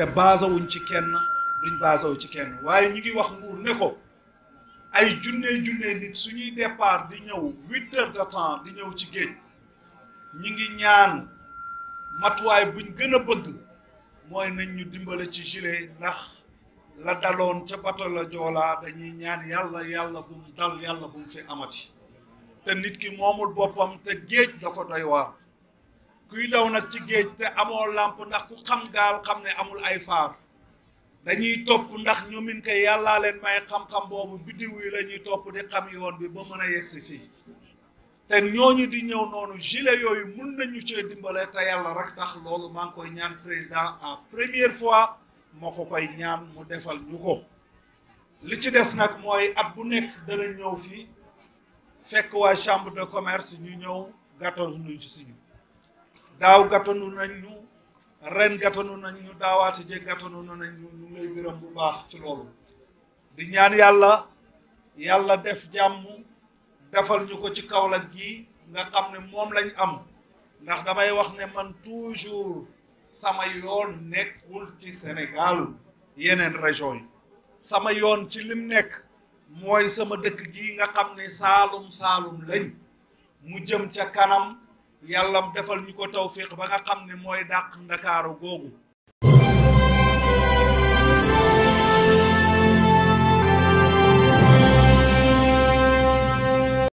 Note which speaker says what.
Speaker 1: te baasawuñ ci kenn duñ baasawu ci kenn waaye ñu ngi wax nguur ne ko ay junne junne nit suñuy depaar di ñëw huit heures de temps di ñëw ci géej ñu ngi ñaan matuwaay buñ gën a bëgg mooy nañ ñu dimbale ci gilet ndax la daloon ca bato la joolaa dañuy ñaan yàlla yàlla bu dal yàlla bu mu fi amati te nit ki moomul boppam te géej dafa doy waar kuy daw nag ci géej te amoo làmp ndax ku xam gaal xam ne amul ay faar dañuy topp ndax ñu min ko yàllaa leen may xam-xam boobu biddiw yi la ñuy topp di xam yoon bi ba mën a yegg si fii te ñooñu di ñëw noonu gilet yooyu mun nañu cee dimbale te yàlla rek tax loolu maa ngi koy ñaan président en première fois moo ko koy ñaan mu defal ñu ko li ci des nag mooy at bu nekk dana ñëw fii fekk waa chambre de commerce ñu ñëw gàttal ñu ci si ñu Daw gatanu nañ ñu ren gatanu nañ ñu daawaate je gatanu nañ ñu ñu lay gërëm bu baax ci loolu di ñaan yàlla yàlla def jàmm defal ñu ko ci kawlak gi nga xam ne moom lañ am ndax damay wax ne man toujours sama yoon nekkul ci sénégal yeneen région yi sama yoon ci lim nekk mooy sama dëkk gi nga xam ne saalum saalum lañ mu jëm ca kanam yàllam defal ñu ko tawfiq ba nga xam ne mooy dàq ndakaaro googu